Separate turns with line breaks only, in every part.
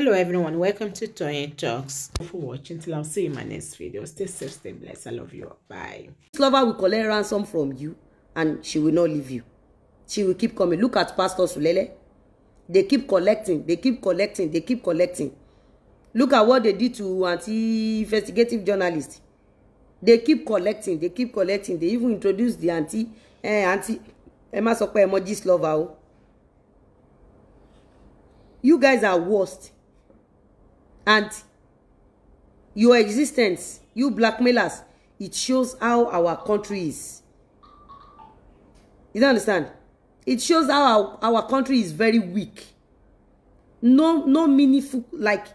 hello everyone welcome to Toyeen Talks Thank you for watching till I see you in my next video stay safe stay blessed i love you bye this lover will collect ransom from you and she will not leave you she will keep coming look at pastor Sulele they keep collecting they keep collecting they keep collecting look at what they did to anti investigative journalist they keep collecting they keep collecting they even introduce the anti eh anti ẹ má sọ lover you guys are worst and your existence you blackmailers it shows how our country is you don't understand it shows how our, our country is very weak no no meaningful like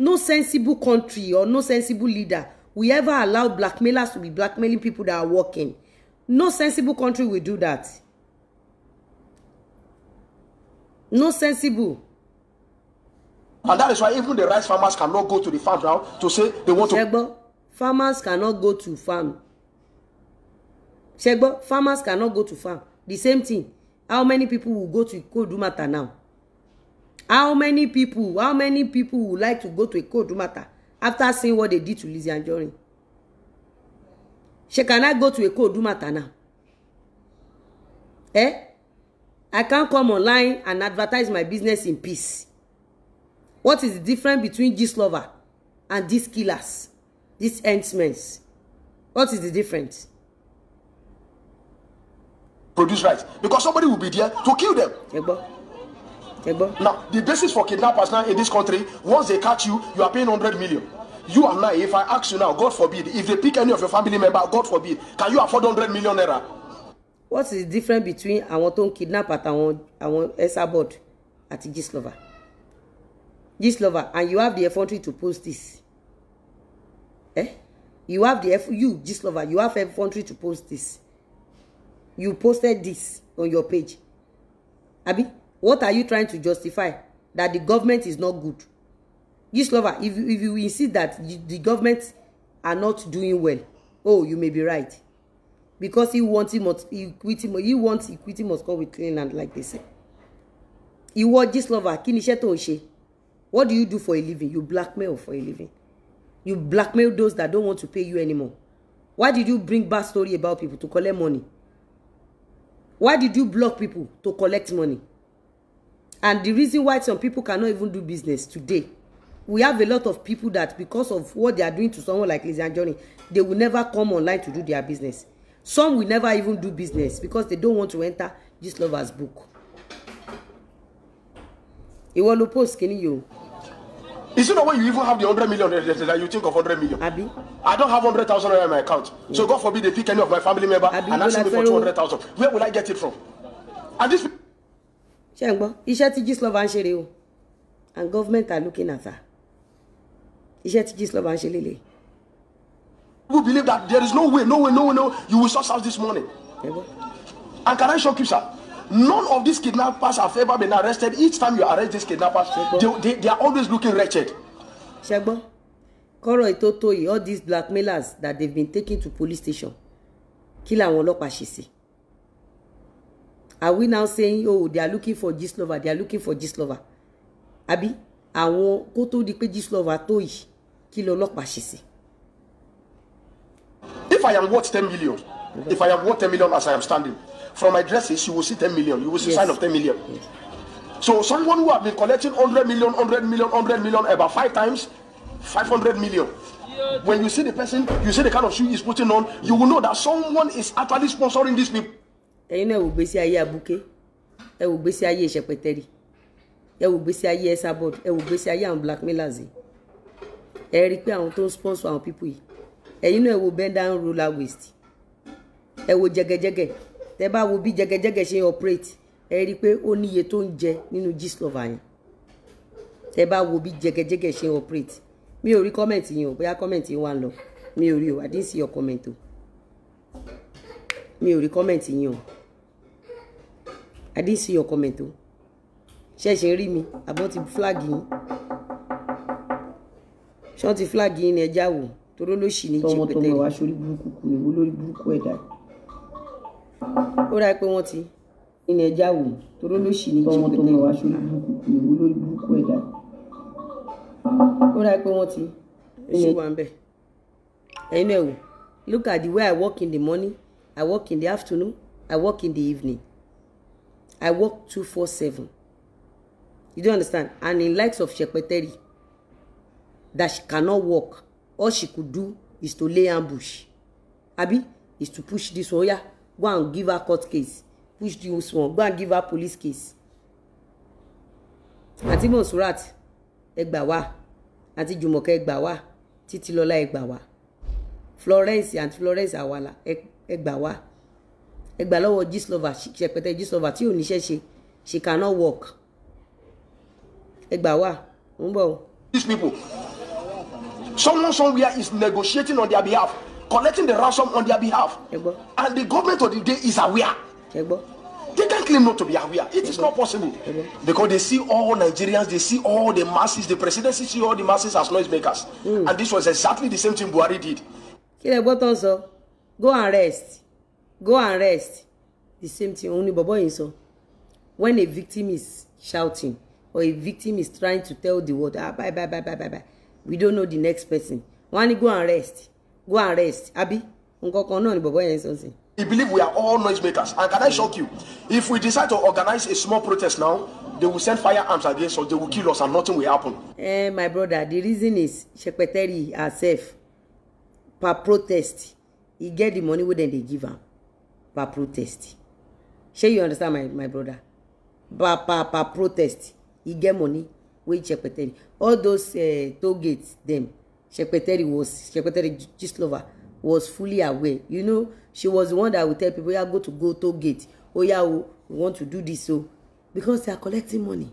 no sensible country or no sensible leader will ever allow blackmailers to be blackmailing people that are working no sensible country will do that
no sensible and that is why even the rice farmers cannot go to the farm now to say they want to. ṣẹgbọ́n farmers
cannot go to farm ṣẹgbọ́n farmers cannot go to farm the same thing how many people will go to Kodumata now how many people how many people would like to go to Kodumata after seeing what they did to Lizzie and Anjorin she cannot go to a Ikodumata now eh I can't come online and advertise my business in peace What is the difference between this lover and these killers, these henchmen?
What is the difference? Produce rights because somebody will be there to kill them. Egbo. Egbo. Now, the basis for kidnappers now in this country, once they catch you, you are paying hundred million. You and I, if I ask you now, God forbid, if they pick any of your family member, God forbid, can you afford hundred million naira?
What is the difference between àwọn tó ń kidnap àtàwọn àwọn Esabod àti Gistlover? this lover and you have the effrontery to post this eh you have the F you this lover you have effrontery to post this you posted this on your page abi what are you trying to justify that the government is not good this lover if if you insist that you, the government are not doing well oh you may be right because he wants him, must equity he wants equity must come with clean land like they say ìwọ this lover Kini ni iṣẹ́ tó ń What do you do for a living? You blackmail for a living. You blackmail those that don't want to pay you anymore. Why did you bring bad story about people to collect money? Why did you block people to collect money? And the reason why some people cannot even do business today, we have a lot of people that because of what they are doing to someone like Lizzie and Johnny, they will never come online to do their business. Some will never even do business because they don't want to enter
this lover's book. Ìwọ ló post kìíní yìí Is it not when you even have the hundred million that you think of hundred million? Abi. I don't have hundred thousand in my account. Yeah. So mm. God forbid they pick any of my family member Abi, and ask me for two hundred thousand. Where will I get it from?
And this. Ṣé ń gbọ́, iṣẹ́ tí Gíslọ́ba ń and government are looking at her. Iṣẹ́ tí Gíslọ́ba ń ṣe lélẹ̀.
People believe that there is no way, no way, no way, no way you will sort out this money. And can I show you, sir? None of these kidnappers have ever been arrested. Each time you arrest these kidnappers, they, they, they are always looking wretched. Ṣẹgbọ́n,
kọ́rọ̀ ètò tóyè all these blackmailers that they've been taken to police station kí làwọn ọlọ́pàá ṣe sí. Are we now saying oh they are looking for lover? they are looking for lover. Abi, àwọn kó tó di pé Gistlover tó yìí kí lọ ọlọ́pàá ṣe sí.
If I am worth ten million, if I am worth ten million as I am standing from my dresses, you will see ten million. You will see yes. sign of ten million. Yes. So someone who have been collecting hundred million, hundred million, hundred million about five times, five hundred million. When you see the person, you see the kind of shoe he is putting on, you will know that someone is actually sponsoring this. people. ẹ̀yin náà wò gbèsè
ayé abuké ẹ wò gbèsè ayé ìṣẹpẹtẹrì ẹ wò gbèsè ayé ẹsàbọd ẹ wò gbèsè ayé àwọn blackmailers yìí ẹ rí i pé àwọn tó ń sponsor àwọn people yìí ẹ̀yin náà wò bend down roller waist ẹ wò jẹgẹjẹgẹ tẹ bá wo bí jẹgẹjẹgẹ ṣe ń operate ẹ rí i pé ó níye tó ń jẹ nínú gist lover yẹn tẹ bá wo bí jẹgẹjẹgẹ ṣe ń operate mi ò rí kọ́mẹ̀ntì yín o bóyá kọ́mẹ̀ntì yín wà ń lọ mi ò rí o I didn't see your comment o mi ò rí kọ́mẹ̀ntì yín o I didn't see your comment o ṣẹ̀ṣẹ̀ rí mi àbọ̀ ti flag yín ṣọ́n ti flag yín ni ẹja wò toró ló ṣì ní jí yìí. tọmọtọmọ wàá sórí burúkú kù ní olórí burúkú ẹ̀dá yìí ó dáa pé wọ́n ti ilẹ̀ ẹja wò toró ló ṣì ní ọmọ tó mọ̀ wá ṣojú ìwú lórí burúkú ẹ̀dá ó dáa pé wọ́n ti. èsì wà ń bẹ̀ ẹ̀yin náà wò look at the way I work in the morning I work in the afternoon I work in the evening I work two four seven you don't understand and in likes of Shepeteri that she cannot work all she could do is to lay ambush abi is to push this oya. Oh yeah go and give her court case push this one go and give her police case àti monsurat ẹ gbà wá àti jùmọ̀kẹ́ ẹ gbà wá títí lọ́lá ẹ gbà florence àti florence Awala. ẹ wa. wá ẹ gbà gislova ṣẹpẹtẹ gislova tí ò ṣe she cannot work ẹ wa. wá
ń these people someone somewhere is negotiating on their behalf collecting the ransom on their behalf. And the government of the day is aware. They can't claim not to be aware. It is not possible. Because they see all Nigerians, they see all the masses, the presidency see all the masses as noisemakers. Mm. And this was exactly the same thing Buhari did.
Kile Boton go and rest. Go and rest. The same thing only Bobo in sọ. When a victim is shouting or a victim is trying to tell the world, ah, bye, bye, bye, bye, bye, bye. We don't know the next person. Wọ́n á ní go and rest go and rest
abi nǹkan
kan náà ni bọ̀bọ̀ yẹn sọ sí.
I believe we are all noise makers. and can I shock you if we decide to organize a small protest now they will send firearms against us they will kill us and nothing will happen.
Eh, my brother the reason is secretary herself per protest e get the money wey dem dey give am per protest shey you understand my my brother per per per protest e get money wey check all those uh, toll gates dem Shepeteri was Shepeteri Gislova was fully aware. You know, she was the one that would tell people, yeah, go to go to gate. Oh yeah, we want to do this so because they are collecting money.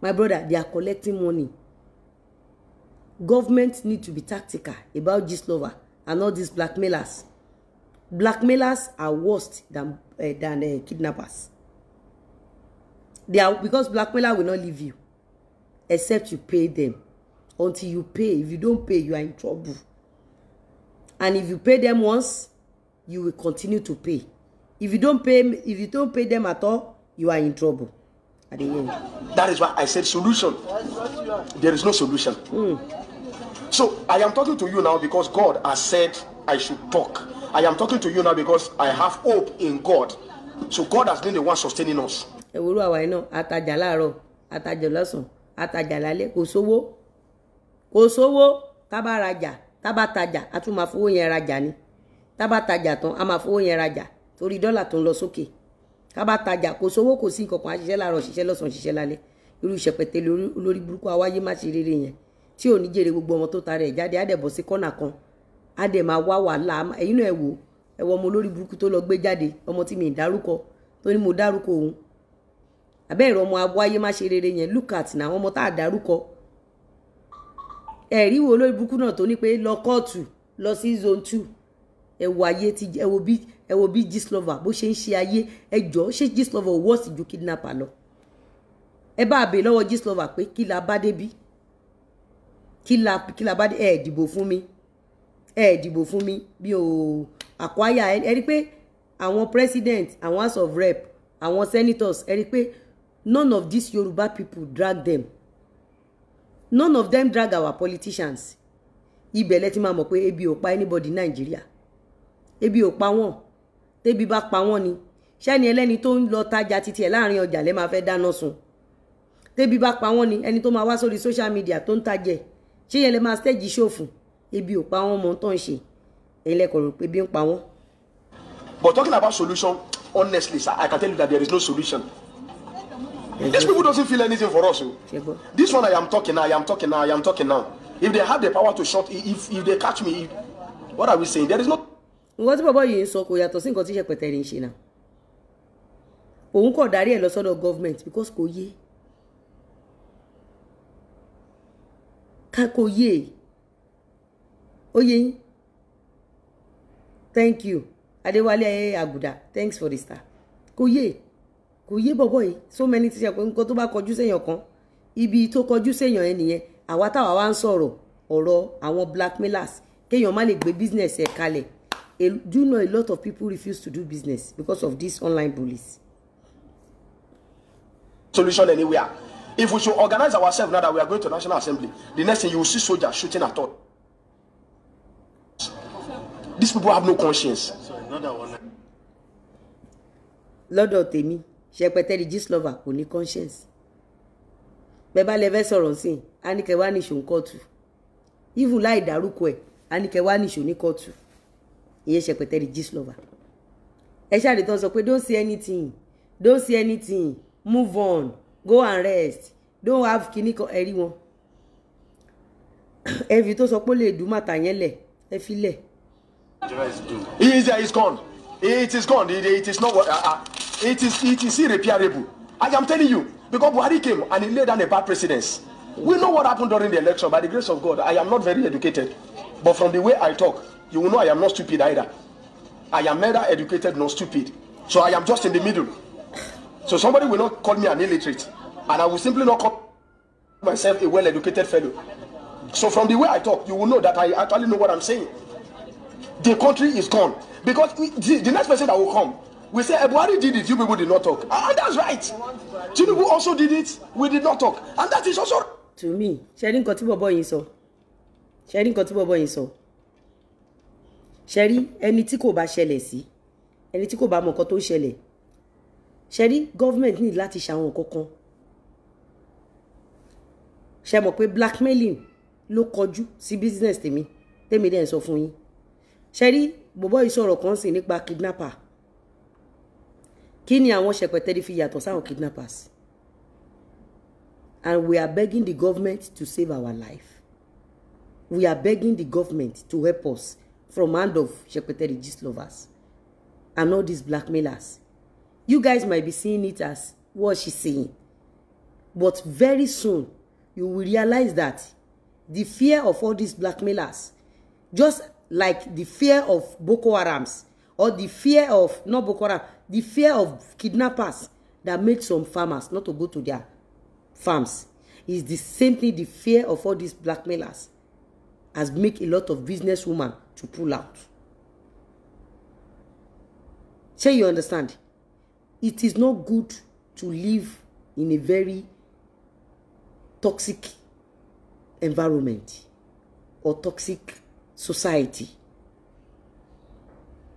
My brother, they are collecting money. Government need to be tactical about Gislova and all these blackmailers. Blackmailers are worse than uh, than uh, kidnappers. They are because blackmailer will not leave you except you pay them until you pay. If you don't pay, you are in trouble. And if you pay them once, you will continue to pay. If you don't pay, if
you don't pay them at all, you are in trouble. At the end. That is why I said solution. There is no solution. Mm. So I am talking to you now because God has said I should talk. I am talking to you now because I have hope in God. So God has been the one sustaining us
kò sówó tábà rajà tábà tajà a tún máa fowó yẹn rajà ni tábà tajà tán a máa fowó yẹn rajà torí dọ́là tó ń lọ sókè tábà tajà kò sówó kò sí nǹkan kan àṣìṣe láàárọ̀ ṣiṣẹ́ lọ́sàn-án ṣiṣẹ́ lálẹ́ irú ìṣẹ̀pẹ̀tẹ̀ lórí burúkú awáyé má ṣe rere yẹn tí ò ní jèrè gbogbo ọmọ tó ta rẹ̀ jáde á dẹ̀ bọ́ sí kọ́nà kan á dẹ̀ máa wá wàhálà ẹ̀yin náà ẹ̀ wò ẹ̀ wọ ọmọ olórí burúkú tó lọ gbé jáde ọmọ tí mi ì dárúkọ tó ní mo dárúkọ òun àbẹ́ẹ̀rọ ọmọ awáyé má ṣe rere yẹn look at na àwọn ọmọ tá a dárúkọ ẹ̀rí wo olórí burúkú náà tó ní pé lọ kóòtù lọ sí zone two ẹ wo ayé ti ẹ wo bí ẹ wo bí Gistlover bó ṣe ń ṣe ayé ẹ jọ ṣé Gistlover ò wọ́ọ̀sì ju kidnapper lọ ẹ bá bè lọ́wọ́ Gistlover pé kí la bá débi kí la kí la bá dé ẹ dìbò fún mi ẹ dìbò fún mi bí o àkwáyà ẹ rí pé àwọn president àwọn house of rep àwọn senators ẹ rí pé none of these Yoruba people drag them none of them drag our politicians ibẹ̀ lẹ ti máa mọ̀ pé ebi ò pa anybody Nigeria. ebi ò pa wọ́n tébi bá pa wọ́n ni ṣẹ́ni ẹlẹ́ni tó ń lọ tajà títí ẹ̀ láàrin ọjà lẹ́ máa fẹ́ dáná sun tébi bá pa wọ́n ni ẹni tó máa wá sórí social media tó ń tajẹ ṣé yẹn lè máa stage ṣòfò ebi ò pa wọ́n mọ tó ń ṣe ẹ̀yin lẹ́kọ̀ọ́ rò pé ebi ń pa wọ́n.
But talking about solution honestly sir I can tell you that there is no solution These people doesn't feel anything for us. So. Oh. This one I am talking now, I am talking now, I am talking now. If they have the power to shut, if if they catch me, if, what are we saying? There is no. Nǹkan tí bàbá yìí ń sọ kò yàtọ̀ sí nǹkan tí Ṣẹ̀pẹ̀tẹ̀rì ń ṣe náà.
Òun kò darí ẹ̀ lọ sọ́dọ̀ gọ́ọ̀mẹ̀ntì because kò yé. Ká kò yé. Ó yé yín. Thank you. Adéwálé Àgùdà, thanks for the star. Kò yé kò yé bọ̀bọ̀ yìí so many ti ṣe pé nǹkan tó bá kọjú séèyàn kan ibi tó kọjú séèyàn ẹ nìyẹn àwa táwa wá ń sọ̀rọ̀ ọ̀rọ̀ àwọn blackmailers kéèyàn má lè gbé business ẹ̀ kalẹ̀ do you know a lot of people refuse to do business because of this online
bullies. solution anywhere if we should organize ourselves now that we are going to national assembly the next thing you will see soldiers shooting at all. these people have no conscience.
lọ́dọ̀ tèmi ṣẹpẹtẹrí gíslọvà kò ní conscience bẹ́ẹ̀ bá lè fẹ́ sọ̀rọ̀ sí i anike wá ní ìṣòun kóòtù even láì dárúkọ ẹ̀ anike wá ní ìṣòun ní kóòtù ìyẹn ṣẹpẹtẹrí gíslọvà ẹ ṣáàdì tó sọ pé don't see anything don't see anything move on go and rest don't have kini kan ẹ̀rí wọn ẹ̀fì tó sọ pé ó lè dùn màtà yẹn lẹ̀ ẹ fi lẹ̀.
Nigeria is doomed. It is, gone. It is gone. It, is not what. Uh, uh, It is it is irreparable. I am telling you because Buhari came and he laid down a bad precedence. We know what happened during the election. By the grace of God, I am not very educated, but from the way I talk, you will know I am not stupid either. I am neither educated nor stupid, so I am just in the middle. So somebody will not call me an illiterate, and I will simply not call myself a well-educated fellow. So from the way I talk, you will know that I actually know what I'm saying. The country is gone because the, the next person that will come We say Ebuari eh, did it, you people did not talk. And ah, that's right. Tinubu also did it, we did not talk. And that is also.
To me, Sherry, rí nǹkan tí bọ̀bọ̀ yìí sọ. Ṣe rí nǹkan tí bọ̀bọ̀ yìí sọ. Ṣe rí ẹni tí kò bá ṣẹlẹ̀ sí. Ẹni tí kò bá mọ nǹkan tó blackmailing lo kọjú si business temi. Temi dẹ̀ ń sọ Sherry, yín. Ṣe rí bọ̀bọ̀ yìí sọ̀rọ̀ kidnapper kí ni àwọn ṣẹpẹtẹrí fi yàtọ̀ sáwọn kidnappers and we are begging the government to save our life we are begging the government to help us from hand of ṣẹpẹtẹrí gist lovers and all these blackmailers you guys might be seeing it as what she's saying but very soon you will realize that the fear of all these blackmailers just like the fear of Boko Harams or the fear of not Boko Haram, the fear of kidnappers that make some farmers not to go to their farms is the same thing the fear of all these blackmailers has make a lot of businesswomen to pull out. Say you understand? It is not good to live in a very toxic environment or toxic society.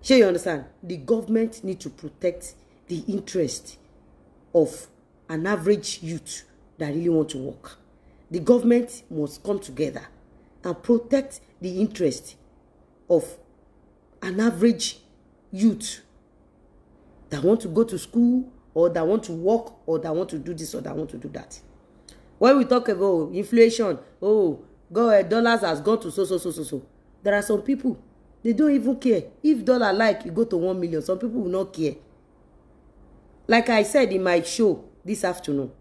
Sure, you understand the government need to protect the interest of an average youth that really want to work the government must come together and protect the interest of an average youth that want to go to school or that want to work or that want to do this or that want to do that when we talk about inflation oh god eh, dollars has gone to so so so so so there are some people they don't even care if dollar like you go to one million some people will not care like i said in my show this afternoon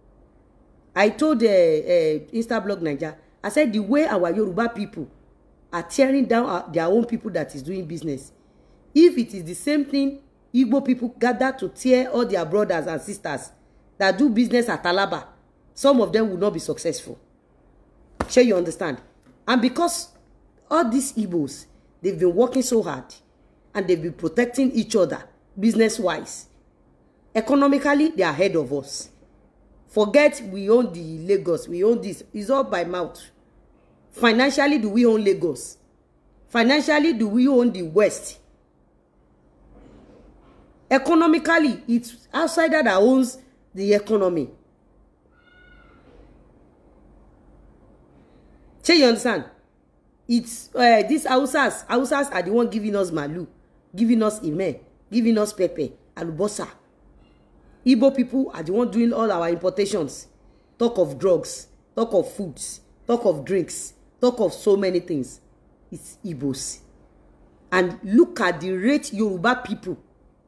i told uh, uh, blog naija i said the way our yoruba people are tearing down our, their own people that is doing business if it is the same thing igbo people gather to tear all their brothers and sisters that do business at alaba some of them will not be successful shey you understand and because all these igbos They've been working so hard and they've been protecting each other business-wise. Economically, they are ahead of us. Forget we own the Lagos, we own this. It's all by mouth. Financially, do we own Lagos? Financially, do we own the West? Economically, it's outsider that owns the economy. Say you understand? it's uh, these hausas hausas are the one giving us malu giving us ime giving us pepper alubosa igbo people are the one doing all our importations talk of drugs talk of foods talk of drinks talk of so many things it's igbos and look at the rate yoruba people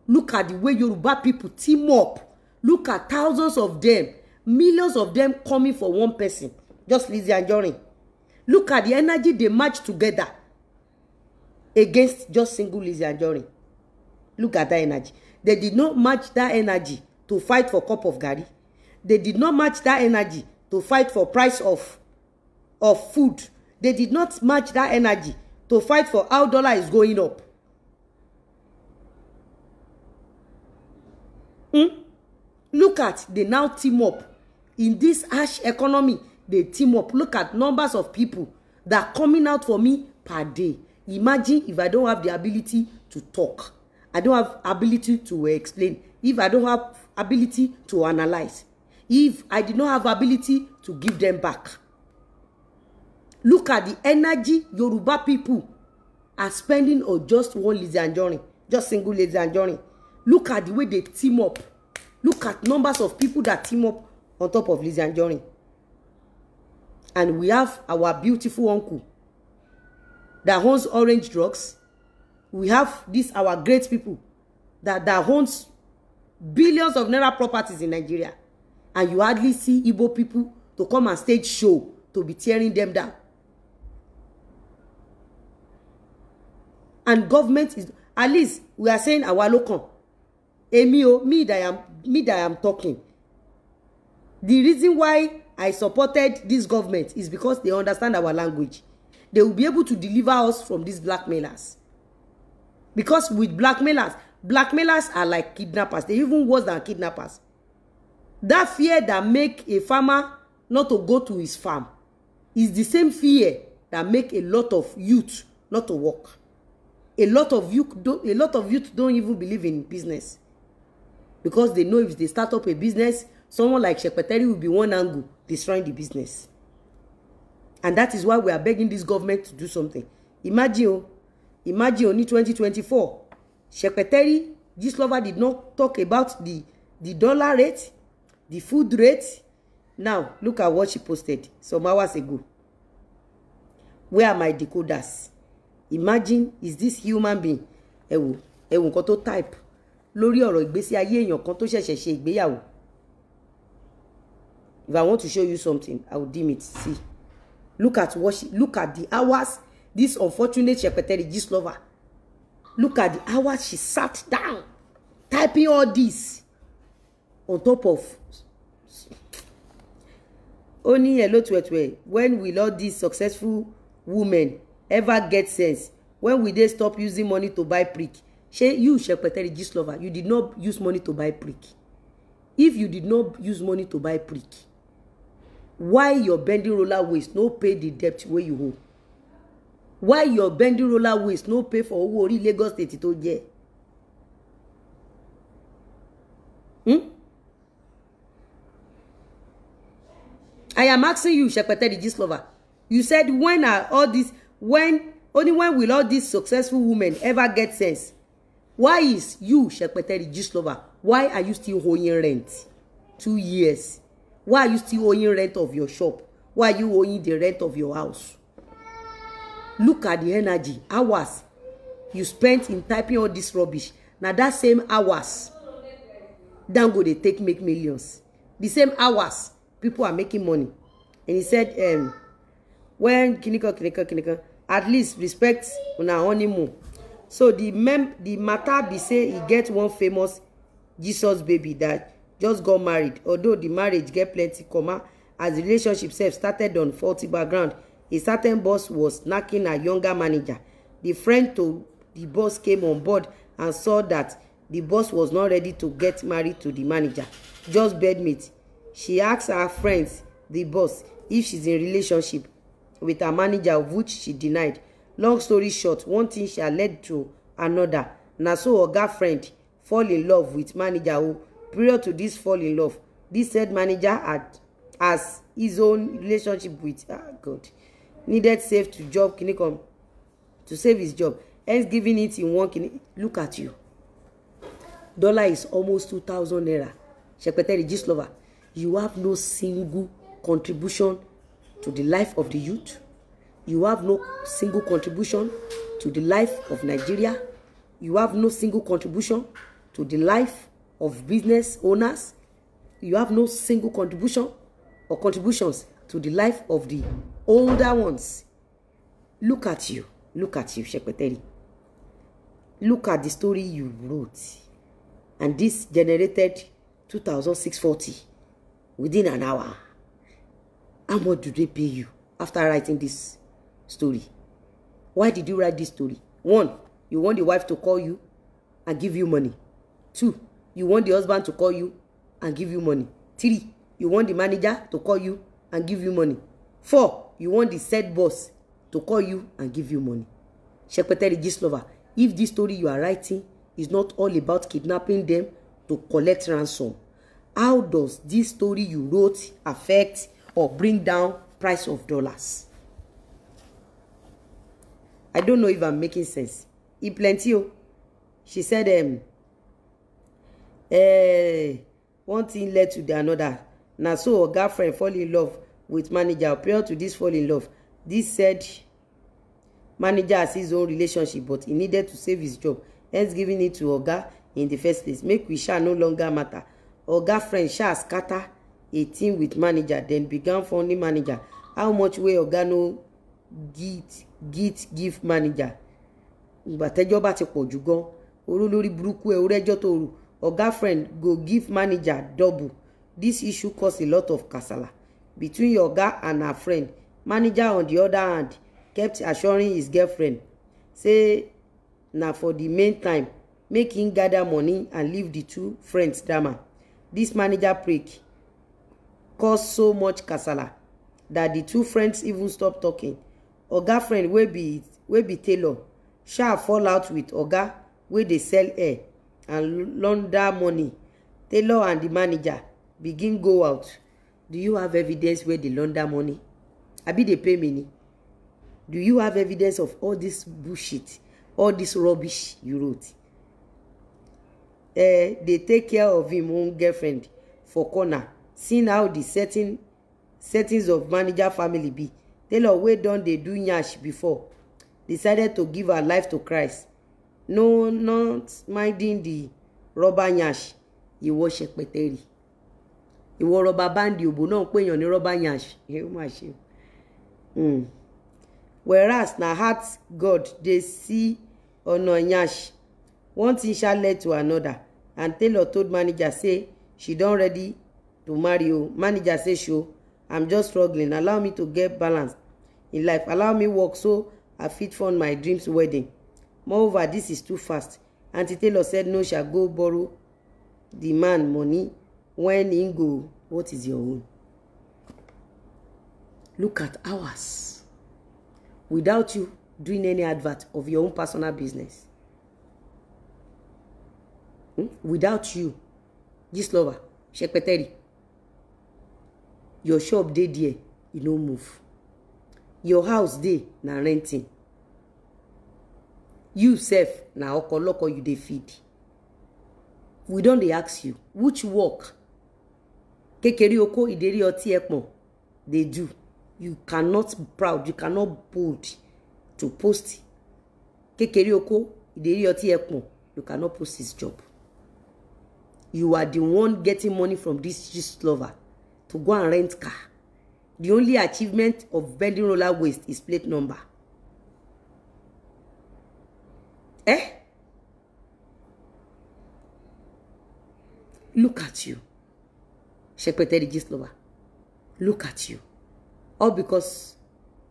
look at the way yoruba people team up look at thousands of them millions of them coming for one person just Lizzie and Johnny. Look at the energy they match together against just single Lizzie and Jory. Look at that energy. They did not match that energy to fight for cup of garri. They did not match that energy to fight for price of, of food. They did not match that energy to fight for how dollar is going up. Hmm? Look at they now team up in this ash economy they team up look at numbers of people that coming out for me per day imagine if i don't have the ability to talk i don't have ability to explain if i don't have ability to analyze if i did not have ability to give them back look at the energy yoruba people are spending on just one Lizzy Anjorin just single Lizzy Anjorin look at the way they team up look at numbers of people that team up on top of Lizzy Anjorin And we have our beautiful uncle that owns orange drugs. We have this our great people that, that owns billions of naira properties in Nigeria. And you hardly see Igbo people to come and stage show to be tearing them down. And government is at least we are saying our local. Emi o, me that I am me that I am talking. The reason why I supported this government is because they understand our language. They will be able to deliver us from these blackmailers. Because with blackmailers, blackmailers are like kidnappers. They're even worse than kidnappers. That fear that make a farmer not to go to his farm is the same fear that make a lot of youth not to work. A lot of youth don't, a lot of youth don't even believe in business because they know if they start up a business someone like Secretary will be one angle destroying the business. And that is why we are begging this government to do something. Imagine, oh, imagine only 2024, Secretary this did not talk about the, the dollar rate, the food rate. Now, look at what she posted some hours ago. Where are my decoders? Imagine, is this human being? Ẹ wò, ẹ wò nǹkan tó type lórí ọ̀rọ̀ ìgbésí ayé èèyàn kan tó ṣẹ̀ṣẹ̀ ṣe ìgbéyàwó if i want to show you something i will dim it see look at what she look at the hours this unfortunate secretary gist lover look at the hours she sat down typing all this on top of only hello twetwe when will all these successful women ever get sense when will they stop using money to buy prick shey you secretary gist lover you did not use money to buy prick if you did not use money to buy prick why your bending roller waist no pay the debt wey you owe why your bending roller waist no pay for owó orí Lagos state tó jẹ hmm? I am asking you Shepete the gist lover you said when are all this? when only when will all these successful women ever get sense why is you Shepete the gist lover why are you still owing rent two years Why are you still owing rent of your shop? Why are you owing the rent of your house? Look at the energy, hours you spent in typing all this rubbish. Now that same hours, go they take make millions. The same hours, people are making money. And he said, um, when Kiniko, Kiniko, Kiniko, at least respect una honeymoon. So the mem the matter be say he get one famous Jesus baby that just got married although the marriage get plenty comma as the relationship sef started on faulty background a certain boss was knacking her younger manager the friend to the boss came on board and saw that the boss was not ready to get married to the manager just bedmate she asked her friends the boss if she's in relationship with her manager which she denied long story short one thing shall led to another na so oga friend fall in love with manager who. Prior to this fall in love, this said manager had as his own relationship with ah, God needed save to job kinikom to save his job hence giving it in one kini look at you dollar is almost two thousand naira secretary gist lover you have no single contribution to the life of the youth you have no single contribution to the life of Nigeria you have no single contribution to the life of business owners. You have no single contribution or contributions to the life of the older ones. Look at you. Look at you, Shekpeteri. Look at the story you wrote. And this generated 2,640 within an hour. How much do they pay you after writing this story? Why did you write this story? One, you want the wife to call you and give you money. Two, you want the husband to call you and give you money three you want the manager to call you and give you money four you want the said boss to call you and give you money secretary gislover if this story you are writing is not all about kidnapping them to collect ransom how does this story you wrote affect or bring down price of dollars i don't know if i'm making sense e plenty o she said um, eh, one thing led to the another Now, so oga friend fall in love with manager prior to this fall in love this said manager has his own relationship but he needed to save his job hence giving it to oga in the first place make we shall no longer matter oga friend sha scatter a team with manager then began funding manager how much wey oga no git git give manager But tẹjọ bá ti pọ̀ jù gan oró lórí burúkú ẹ orẹ́jọ́ tó oga friend go give manager double This issue cause a lot of kasala between your oga and her friend manager on the other hand kept assuring his girlfriend say na for the main time make him gather money and leave the two friends drama This manager prick cause so much kasala that the two friends even stop talking oga friend wey be be tailor sha fall out with oga wey dey sell air? and launder money taylor and the manager begin go out do you have evidence where they launder money abi dey pay many. do you have evidence of all this bullshit all this rubbish you wrote Eh, dey take care of him own girlfriend for corner seeing how the setting settings of manager family be taylor wey don dey do nyash before decided to give her life to christ no not minding the rubber yansh ìwọ ṣẹpẹtẹrì ìwọ rọba báńdì òbò náà ń pèèyàn ní rọba yansh ẹ ó mà ṣe hmm. whereas na heart god dey see ọ̀nà yansh one thing shall lead to another and taylor told manager say she don ready to marry o manager say so i'm just struggling allow me to get balance in life allow me work so i fit fund my dreams wedding Moreover, this is too fast. Auntie Taylor said no shall go borrow the man money when he go. What is your own? Look at ours. Without you doing any advert of your own personal business. Hmm? Without you, this lover, Shekpeteri, your shop day there, you no move. Your house day na renting you sef na okoloko you dey feed we don dey ask you which work kékeré oko ideri ọtí ẹpọn dey do you cannot proud you cannot bold to post kékeré oko ideri ọtí ẹpọn you cannot post his job you are the one getting money from this gist lover to go and rent car the only achievement of bending roller waist is plate number Eh? Look at you. Shekpeteri Gislova. Look at you. All because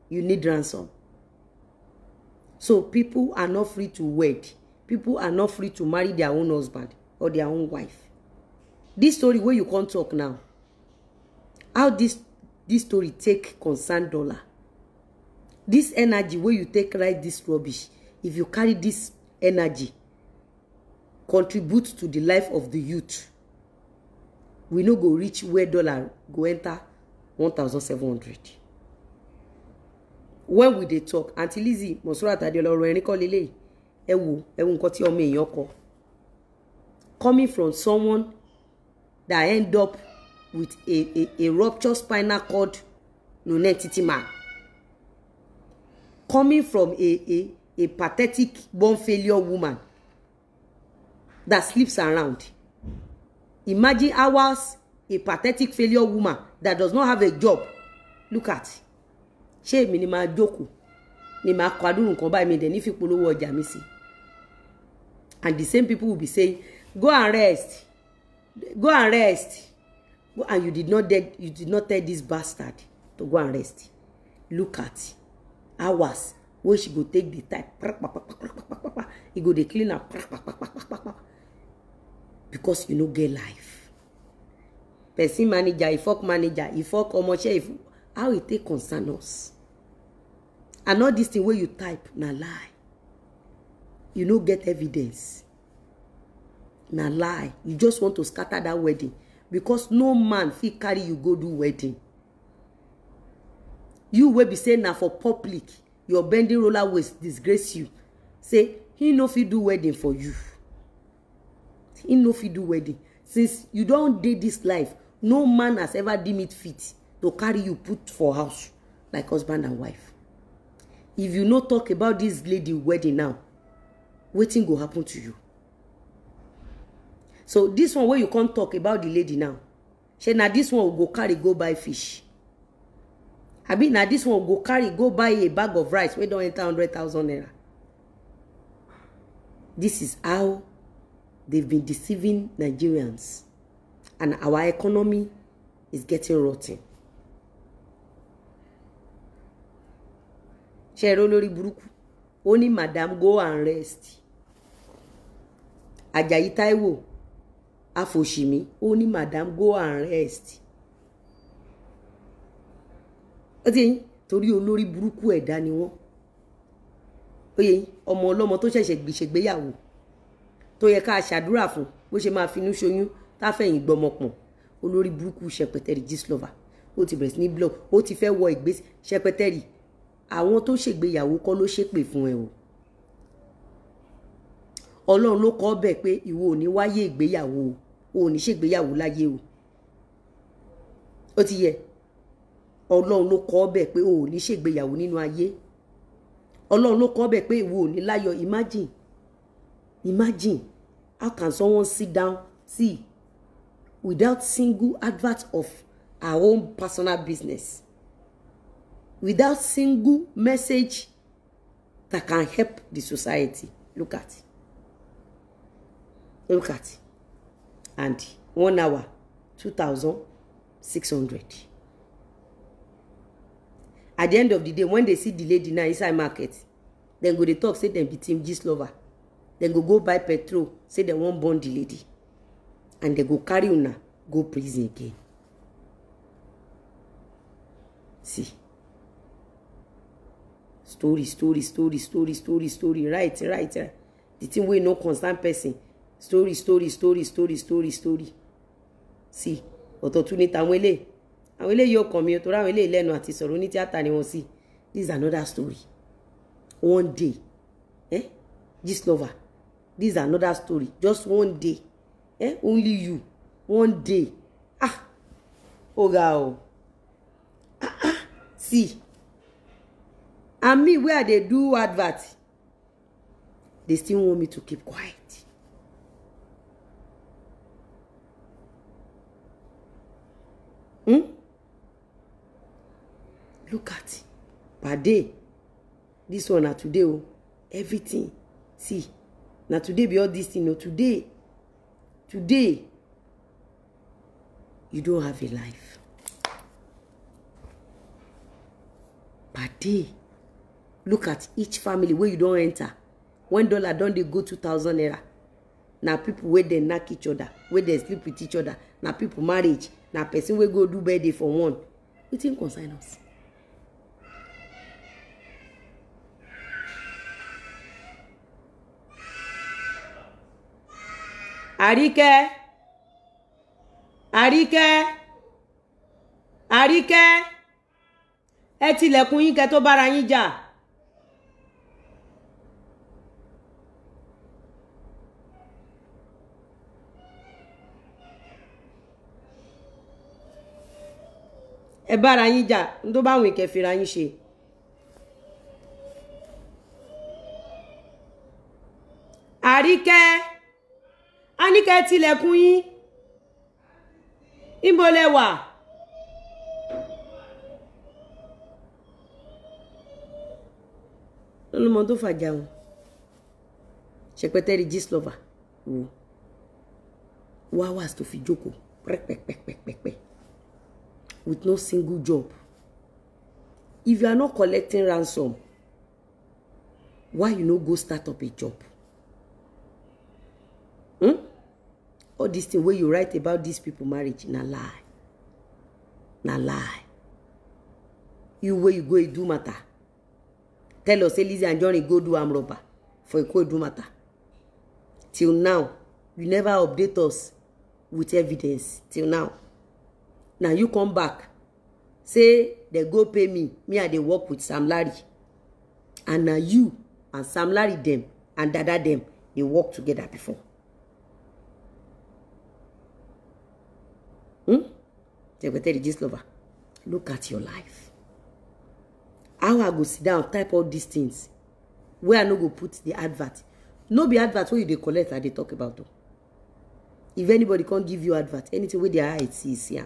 you need ransom. So people are not free to wed. People are not free to marry their own husband or their own wife. This story where you can't talk now. How this this story take concern dollar. This energy where you take right this rubbish. If you carry this energy contribute to the life of the youth we no go reach where dollar go enter one thousand seven hundred. when we dey talk aunty lizzie monsurat adeola ọ̀rọ̀ ẹ̀rín kọ́ lélẹ̀ ẹ wo ẹ wo nǹkan tí ọmọ èèyàn kọ coming from someone that end up with a a a ruptured spinal cord nonentity man coming from a a a pathetic born failure woman that sleeps around. Imagine hours a pathetic failure woman that does not have a job. Look at. Ṣé èmi ni màá jókòó? Ni màá kọ adúrú nǹkan báyìí mi dẹ̀ ní polówó ọjà mi sí. And the same people will be saying, go and rest. Go and rest. Go and you did not dead, you did not tell this bastard to go and rest. Look at hours wey she go take the type e go dey clean am because you no get life person manager e fok manager e fok ọmọṣẹ e how e take concern us and all this thing wey you type na lie you no get evidence na lie you just want to scatter that wedding because no man fit carry you go do wedding you wey be say na for public your bending roller waist disgrace you say he no fit do wedding for you he no fit do wedding since you don dey this life no man has ever deem it fit to carry you put for house like husband and wife if you no talk about this lady wedding now wetin go happen to you so this one wey you come talk about the lady now shey na this one we go carry go buy fish Abi na this one go carry go buy a bag of rice wey don enter hundred thousand naira This is how they've been deceiving nigerians and our economy is getting rotten ṣẹ̀rọ lórí buruku, O ni madam go and rest Àjàyí Táíwò Afòṣìmí O ni madam go and rest ó ti yín torí olórí burúkú ẹ̀dá ni wọ́n ó yẹ yín ọmọ ọlọ́mọ tó ṣẹ̀ṣẹ̀ gbèṣègbéyàwó tó yẹ ká ṣàdúrà fún bó ṣe máa finú ṣoyún táfẹ̀yìn gbọmọ pọ̀n olórí burúkú ṣẹpẹtẹrì gislova ó ti bẹ̀rẹ̀ sí ní blog ó ti fẹ́ wọ ìgbésẹ̀ ṣẹpẹtẹrì àwọn tó ṣègbéyàwó kọ́ ló ṣépè fún ẹ o ọlọ́run ló kọ́ bẹ̀ pé ìwọ ò ní wáyé ìgbéyàwó o ò ní ṣègbéyàwó láyé o ó ti yẹ ọlọ́run ló kọ́ bẹ̀ pé o ò ní ṣègbéyàwó nínú ayé ọlọ́run ló kọ́ bẹ̀ pé ìwọ ò ní láyọ̀ imagine imagine how can someone sit down see without single advert of her own personal business without single message that can help the society look at it look at it and one hour two thousand six hundred at the end of the day when they see the lady now inside market dem go dey talk say dem be team gist lover dem go go buy petrol say dem wan burn the lady and dem go carry una go prison again see story story story story story story right right right the thing wey no concern person story story story story story story see ọ̀tọ̀ tún ní tàwọn eléyìí àwọn eléyìí ọkàn mi torí àwọn eléyìí lẹ́nu àti sọ̀rọ̀ ní tíátà ni wọ́n sì this is another story one day eh? gist lover this is another story just one day eh? only you one day ah oga o ah ah see and me wey i dey do advert they still want me to keep quiet hmm? look at it day, this one na today o everything see na today be all this thing o today today you don't have a life Per day, look at each family wey you don enter one dollar don dey go two thousand naira na people wey dey knack each other wey dey sleep with each other na people marriage na person wey go do birthday for one wetin concern us. àríkẹ́ ẹ tilẹ̀kùn yín tó bára yín jà. ẹ bára tó bá àwọn ìkẹfìrà yín a ní kẹ́ ẹ tilẹ̀kùn yín níbo lẹ wà. lọ́lọ́mọ tó fàjà wọn ṣèpẹtẹ́rì gíslọ́fà wò wá wàásù tó fi jókòó pẹ́pẹ́pẹ́pẹ́pẹ́ with no single job if you are not collecting ransom why you no go start up a job. Hmm? all dis thing wey you write about dis people marriage na lie na lie you wey you go do matter tell us say lizzie and Johnny go do am rubber for do matter till now you never update us with evidence till now na you come back say dem go pay me me i dey work with sam larry and na you and sam larry dem and dada dem dey work together before Hmm? Secretary Gislova, look at your life. How I go sit down, type all these things. Where I no go put the advert. No be advert where you dey collect I dey talk about o. If anybody can't give you advert, anything wey their eye see is yeah.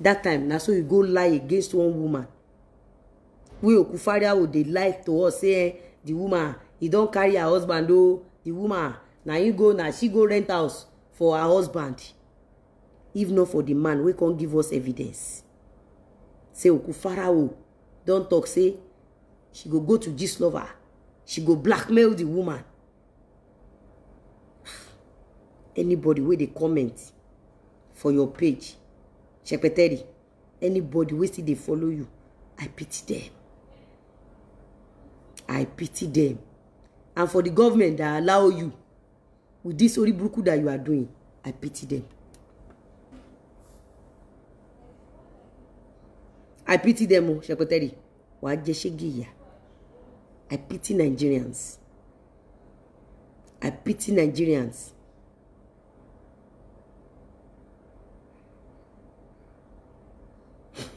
That time, now, so you go lie against one woman. We okufaria Okufaryawo they lie to us say eh, the woman, he don't carry her husband though. the woman, now you go, now she go rent house for her husband if not for the man we can't give us evidence say okufarao don't talk say she go go to this lover she go blackmail the woman anybody where they comment for your page shepeteri anybody where still they follow you i pity them. i pity them, and for the government that allow you with this oriburuku that you are doing i pity them. I pity them o ṣẹpẹtẹrì wàá jẹ ṣégi ìyá I pity Nigerians I pity Nigerians.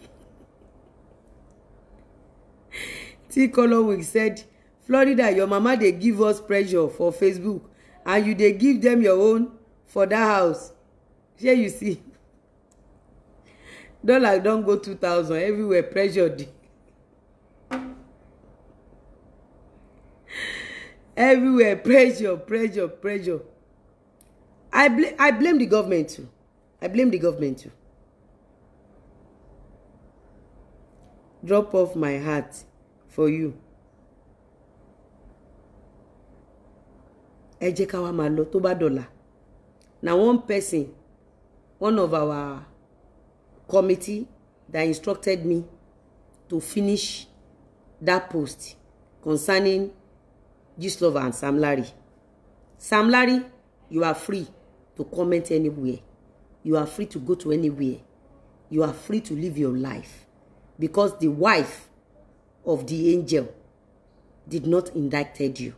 T Colorwick said, Florida, your mama dey give us pressure for Facebook and you dey give them your own for that house. Shey you see dollar don go two thousand everywhere pressure dey everywhere pressure pressure pressure i blame i blame the government too i blame the government too drop off my heart for you ẹ jẹ́ ká wá máa lọ tó bá dọ̀là na one person one of our committee that instructed me to finish that post concerning Gislova and Sam Larry. Sam Larry, you are free to comment anywhere. You are free to go to anywhere. You are free to live your life. Because the wife of the angel did not indicted you.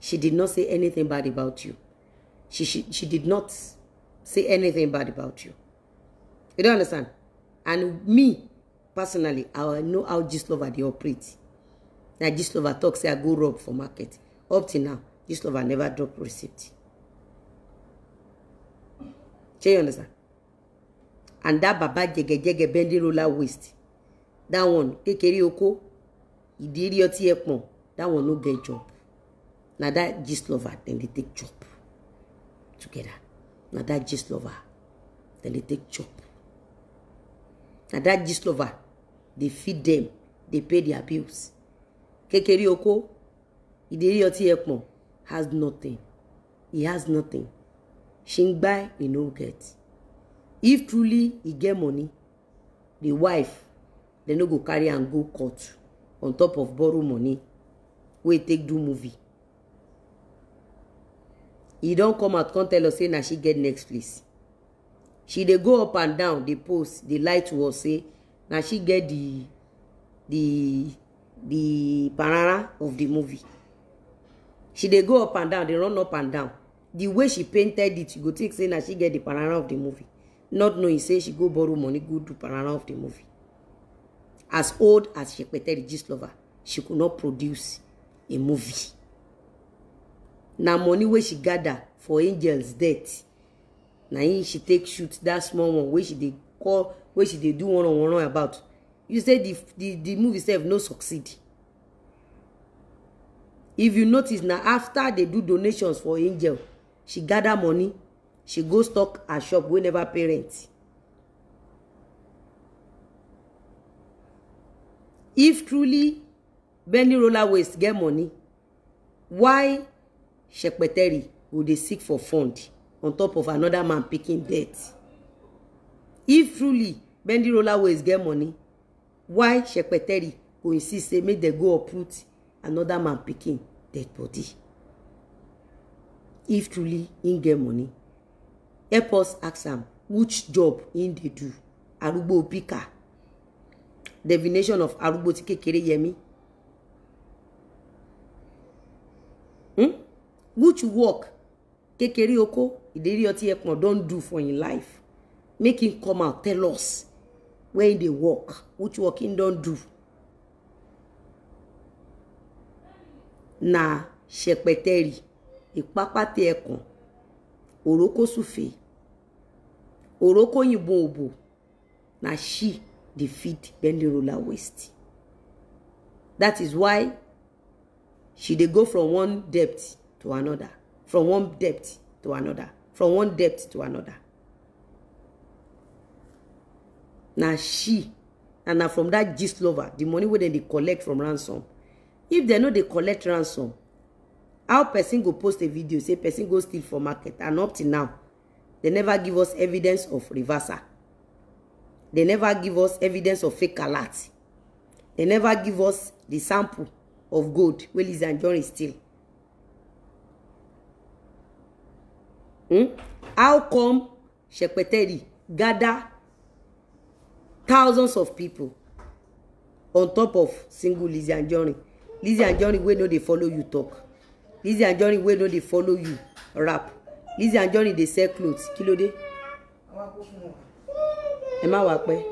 She did not say anything bad about you. She, she, she did not say anything bad about you. You don't understand? And me, personally, I know how Gislova they operate. Now Gislova talks, say I go rob for market. Up till now, Gislova never drop receipt. Do you understand? And that Baba Jege Jege bendy roller waist. That one, Kekere Oko, Idiri Oti Ekpon, that one no get job. Now that Gislova, then they take job together. Now that Gislova, then they take job na that gist lover They feed them. They pay their bills kékeré oko Idiri ọtí ẹpọn has nothing he has nothing she ń he no get if truly he get money the wife dem no go carry am go court on top of borrow money wey take do movie He don come out come tell us say na she get next place she dey go up and down dey post dey lie to us say na she get the the the parara of the movie she dey go up and down dey run up and down the way she painted it you go think say na she get the parara of the movie not knowing say she go borrow money go do parara of the movie as old as sepete the gist lover she could not produce a movie na money wey she gather for angels death na him she take shoot that small one wey she dey call wey she dey do one on one about you say the the the movie sef no succeed if you notice na after they do donations for angel she gather money she go stock her shop wey never pay rent if truly benny roller waste get money why shepeteri go dey seek for fund on top of another man picking debt if truly bendy roller ways get money why shepeteri go insist they make they go uproot another man picking dead body if truly in get money help us ask am which job in they do Arubo pika divination of Arubo tike kere yemi. hmm? which work kékeré oko ìlérí ọtí ẹpọn don do for im life make him come out tell us where he dey work which work him don do na ṣẹpẹtẹrì ìpápátẹ ẹkùn òrókó sùfè òrókó yìnbọn òbò na she dey feed bendy roller waste that is why she dey go from one depth to another from one depth to another from one depth to another na she and na from that gist lover the money wey dem dey collect from ransom if dem no dey collect ransom how person go post a video say person go steal for market and up till now dem never give us evidence of reversal dem never give us evidence of fake alert dem never give us the sample of gold wey liz anjorin steal hmm? how come Shepeteri gather thousands of people on top of single Lizzie and Johnny? Lizzie and Johnny, wey no dey follow you talk Lizzie and Johnny, wey no dey follow you rap Lizzie and Johnny, dey sell clothes. kí ló dé ẹ má wàá pẹ́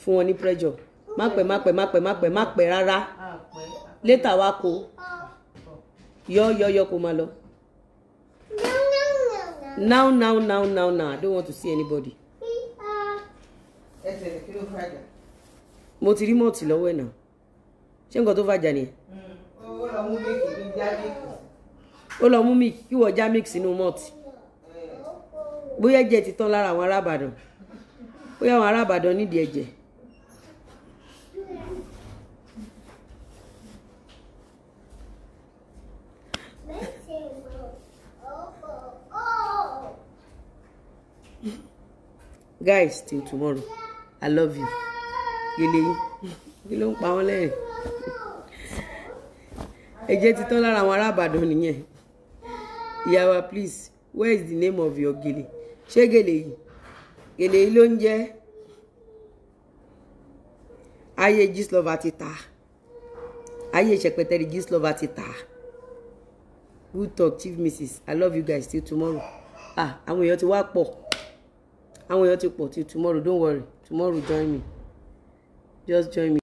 fún wọn ní pressure má pẹ́ má pẹ́ má pẹ́ má pẹ́ má pẹ́ rárá létà wa kó yọ yọ yọ kó máa lọ. now now now now now i don't want to see anybody. mo ti rí mọ́ọ̀tì lọ́wọ́ ẹ̀ náà ṣé nǹkan tó fàjà nìyẹn. ó lọ mú mi kí wọ́n já mix sínú mọ́ọ̀tì bóyá ẹ̀jẹ̀ ti tán lára àwọn arábàdàn bóyá àwọn arábàdàn nídìí ẹ̀jẹ̀. guys till tomorrow i love you gèlè kí ló ń pa wọ́n lẹ́yìn ẹ̀jẹ̀ ti tán lára àwọn arábàdàn nìyẹn ìyàwó please where is the name of your gèlè ṣé gèlè yìí gèlè yìí ló ń Aye, ayé gislova ti ta ayé ìṣẹ̀pẹ̀tẹ̀rì gislova ti ta good talk chief mrs i love you guys till tomorrow ah àwọn èèyàn ti wá pọ̀ àwọn èèyàn ti pọ̀ tí tomorrow don't worry tomorrow join me just join me.